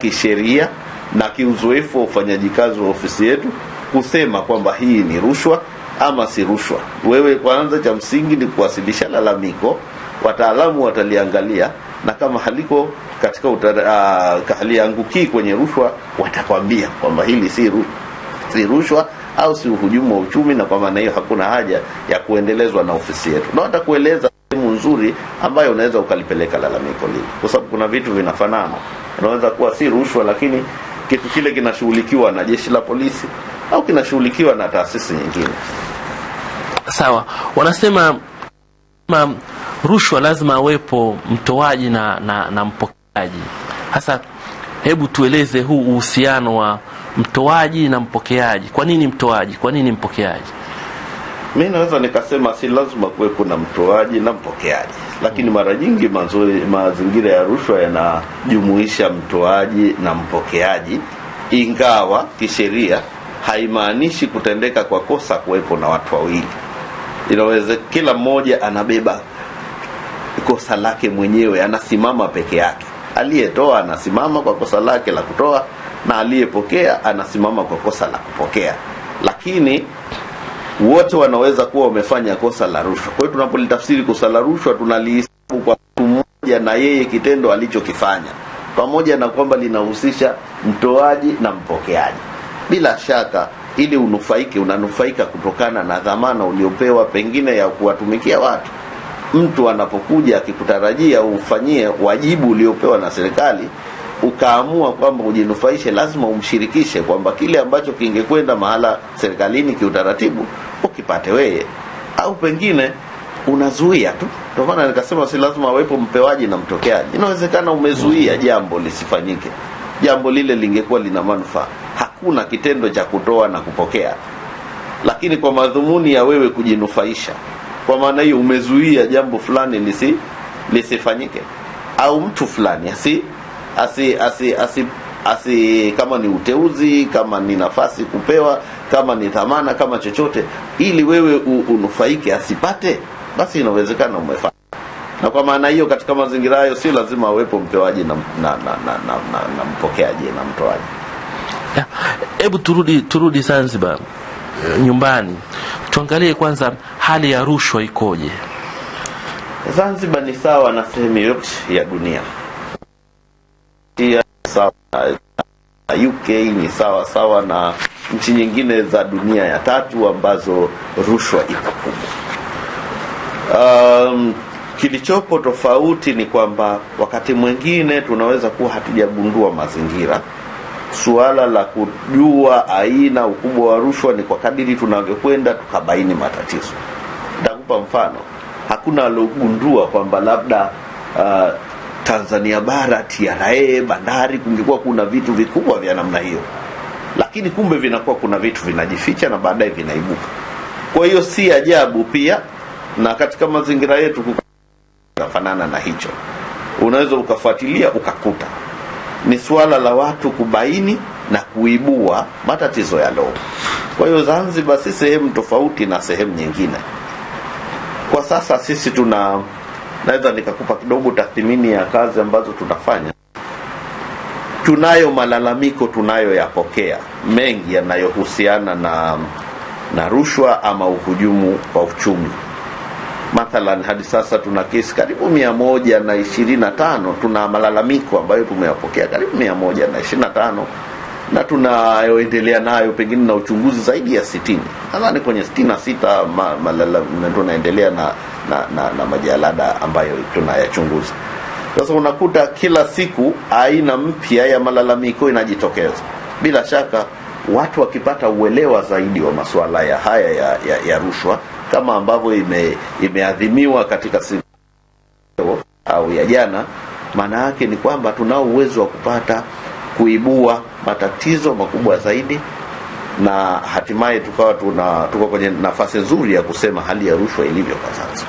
kisheria na kiuzoefu wa ufanyaji kazi wa ofisi yetu kusema kwamba hii ni rushwa ama si rushwa. Wewe kwanza, cha msingi ni kuwasilisha lalamiko, wataalamu wataliangalia, na kama haliko katika uh, haliangukii kwenye rushwa, watakwambia kwamba hili si rushwa, si rushwa au si uhujumu wa uchumi, na kwa maana hiyo hakuna haja ya kuendelezwa na ofisi yetu, na watakueleza nzuri ambayo unaweza ukalipeleka lalamiko lile, kwa sababu kuna vitu vinafanana. Unaweza kuwa si rushwa, lakini kitu kile kinashughulikiwa na jeshi la polisi au kinashughulikiwa na taasisi nyingine. Sawa, wanasema ma, rushwa lazima awepo mtoaji na, na, na mpokeaji. Hasa hebu tueleze huu uhusiano wa mtoaji na mpokeaji. Kwa nini mtoaji? Kwa nini mpokeaji? mi naweza nikasema si lazima kuwepo na mtoaji na mpokeaji, lakini mara nyingi mazuri, mazingira ya rushwa yanajumuisha mtoaji na mpokeaji, ingawa kisheria haimaanishi kutendeka kwa kosa kuwepo na watu wawili. Inaweza kila mmoja anabeba kosa lake mwenyewe, anasimama peke yake. Aliyetoa anasimama kwa kosa lake la kutoa, na aliyepokea anasimama kwa kosa la kupokea, lakini wote wanaweza kuwa wamefanya kosa la rushwa. Kwa hiyo tunapolitafsiri kosa la rushwa tunalihesabu kwa mtu mmoja na yeye kitendo alichokifanya, pamoja na kwamba linahusisha mtoaji na mpokeaji. Bila shaka, ili unufaike, unanufaika kutokana na dhamana uliopewa, pengine ya kuwatumikia watu. Mtu anapokuja akikutarajia ufanyie wajibu uliopewa na serikali ukaamua kwamba ujinufaishe, lazima umshirikishe kwamba kile ambacho kingekwenda mahala serikalini kiutaratibu ukipate wewe au pengine unazuia tu. Ndio maana nikasema si lazima awepo mpewaji na mtokeaji. Inawezekana umezuia jambo lisifanyike, jambo lile lingekuwa lina manufaa. Hakuna kitendo cha kutoa na kupokea, lakini kwa madhumuni ya wewe kujinufaisha. Kwa maana hiyo umezuia jambo fulani lisi lisifanyike, au mtu fulani asi asi asi asi, asi kama ni uteuzi, kama ni nafasi kupewa kama ni dhamana, kama chochote, ili wewe unufaike asipate, basi inawezekana umefanya. Na kwa maana hiyo, katika mazingira hayo si lazima awepo mpewaji na, na, na, na, na, na, na mpokeaji na mtoaji. Hebu turudi turudi Zanzibar eh, nyumbani, tuangalie kwanza hali ya rushwa ikoje. Zanzibar ni sawa na sehemu yote ya dunia sawa, UK ni sawa sawa na nchi nyingine za dunia ya tatu ambazo rushwa iko kubwa. Um, kilichopo tofauti ni kwamba wakati mwingine tunaweza kuwa hatujagundua mazingira. Suala la kujua aina, ukubwa wa rushwa ni kwa kadiri tunavyokwenda tukabaini matatizo. ntakupa mfano, hakuna aliogundua kwamba labda uh, Tanzania bara TRA bandari, kungekuwa kuna vitu vikubwa vya namna hiyo lakini kumbe vinakuwa kuna vitu vinajificha na baadaye vinaibuka. Kwa hiyo si ajabu pia na katika mazingira yetu kufanana na hicho, unaweza ukafuatilia ukakuta ni suala la watu kubaini na kuibua matatizo ya loo Kwa hiyo Zanzibar si sehemu tofauti na sehemu nyingine. Kwa sasa sisi tuna, naweza nikakupa kidogo tathmini ya kazi ambazo tunafanya tunayo malalamiko tunayoyapokea mengi yanayohusiana na na rushwa ama uhujumu wa uchumi. Mathalan, hadi sasa tuna kesi karibu mia moja na ishirini na tano tuna malalamiko ambayo tumeyapokea karibu mia moja na ishirini na tano na tunayoendelea nayo pengine na uchunguzi zaidi ya sitini nadhani kwenye sitini na sita tunaendelea na, na, na, na majalada ambayo tunayachunguza. Sasa unakuta kila siku aina mpya ya malalamiko inajitokeza. Bila shaka watu wakipata uelewa zaidi wa masuala ya haya ya, ya, ya rushwa kama ambavyo ime, imeadhimiwa katika siku au ya jana, maana yake ni kwamba tunao uwezo wa kupata kuibua matatizo makubwa zaidi na hatimaye tukawa tuna tuko kwenye nafasi nzuri ya kusema hali ya rushwa ilivyo kwa sasa.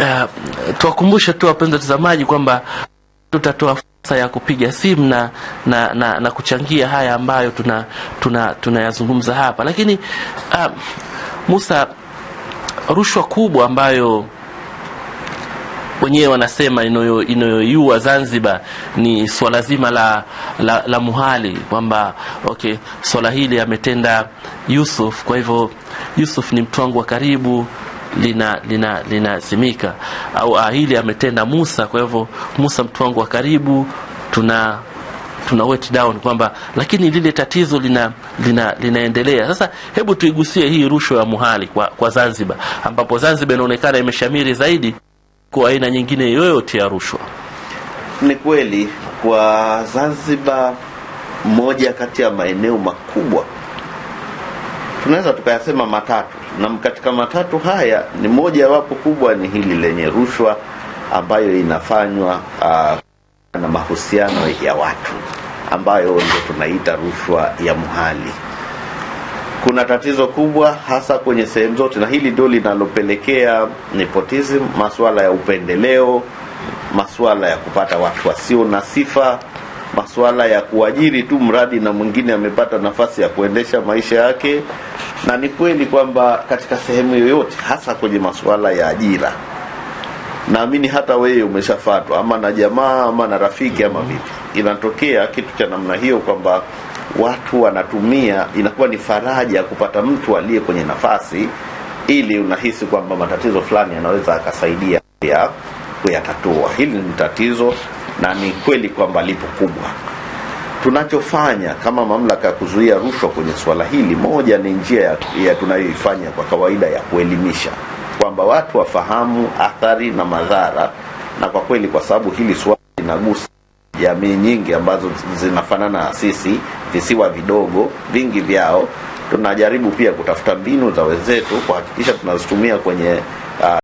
Uh, tuwakumbushe tu wapenzi watazamaji kwamba tutatoa fursa ya kupiga simu na, na, na, na kuchangia haya ambayo tunayazungumza tuna, tuna hapa, lakini uh, Musa, rushwa kubwa ambayo wenyewe wanasema inayoiua Zanzibar ni swala zima la, la, la muhali kwamba okay, swala hili ametenda Yusuf, kwa hivyo Yusuf ni mtu wangu wa karibu linasimika lina, lina au ahili ah, ametenda Musa. Kwa hivyo Musa mtu wangu wa karibu, tuna tuna wet down kwamba, lakini lile tatizo lina, lina, linaendelea. Sasa hebu tuigusie hii rushwa ya muhali kwa, kwa Zanzibar, ambapo Zanzibar inaonekana imeshamiri zaidi kwa aina nyingine yoyote ya rushwa. Ni kweli kwa Zanzibar, moja kati ya maeneo makubwa tunaweza tukayasema matatu na katika matatu haya ni moja wapo kubwa ni hili lenye rushwa ambayo inafanywa uh, na mahusiano ya watu ambayo ndio tunaita rushwa ya muhali. Kuna tatizo kubwa hasa kwenye sehemu zote, na hili ndio linalopelekea nepotism, masuala ya upendeleo, masuala ya kupata watu wasio na sifa, masuala ya kuajiri tu mradi na mwingine amepata nafasi ya kuendesha maisha yake na ni kweli kwamba katika sehemu yoyote, hasa kwenye masuala ya ajira, naamini hata wewe umeshafatwa ama na jamaa ama na rafiki ama vipi, inatokea kitu cha namna hiyo kwamba watu wanatumia, inakuwa ni faraja ya kupata mtu aliye kwenye nafasi, ili unahisi kwamba matatizo fulani yanaweza akasaidia ya kuyatatua. Hili ni tatizo na ni kweli kwamba lipo kubwa tunachofanya kama mamlaka ya kuzuia rushwa kwenye swala hili, moja ni njia ya, ya tunayoifanya kwa kawaida ya kuelimisha kwamba watu wafahamu athari na madhara, na kwa kweli, kwa sababu hili swala linagusa jamii nyingi ambazo zinafanana na sisi, visiwa vidogo vingi vyao, tunajaribu pia kutafuta mbinu za wenzetu kuhakikisha tunazitumia kwenye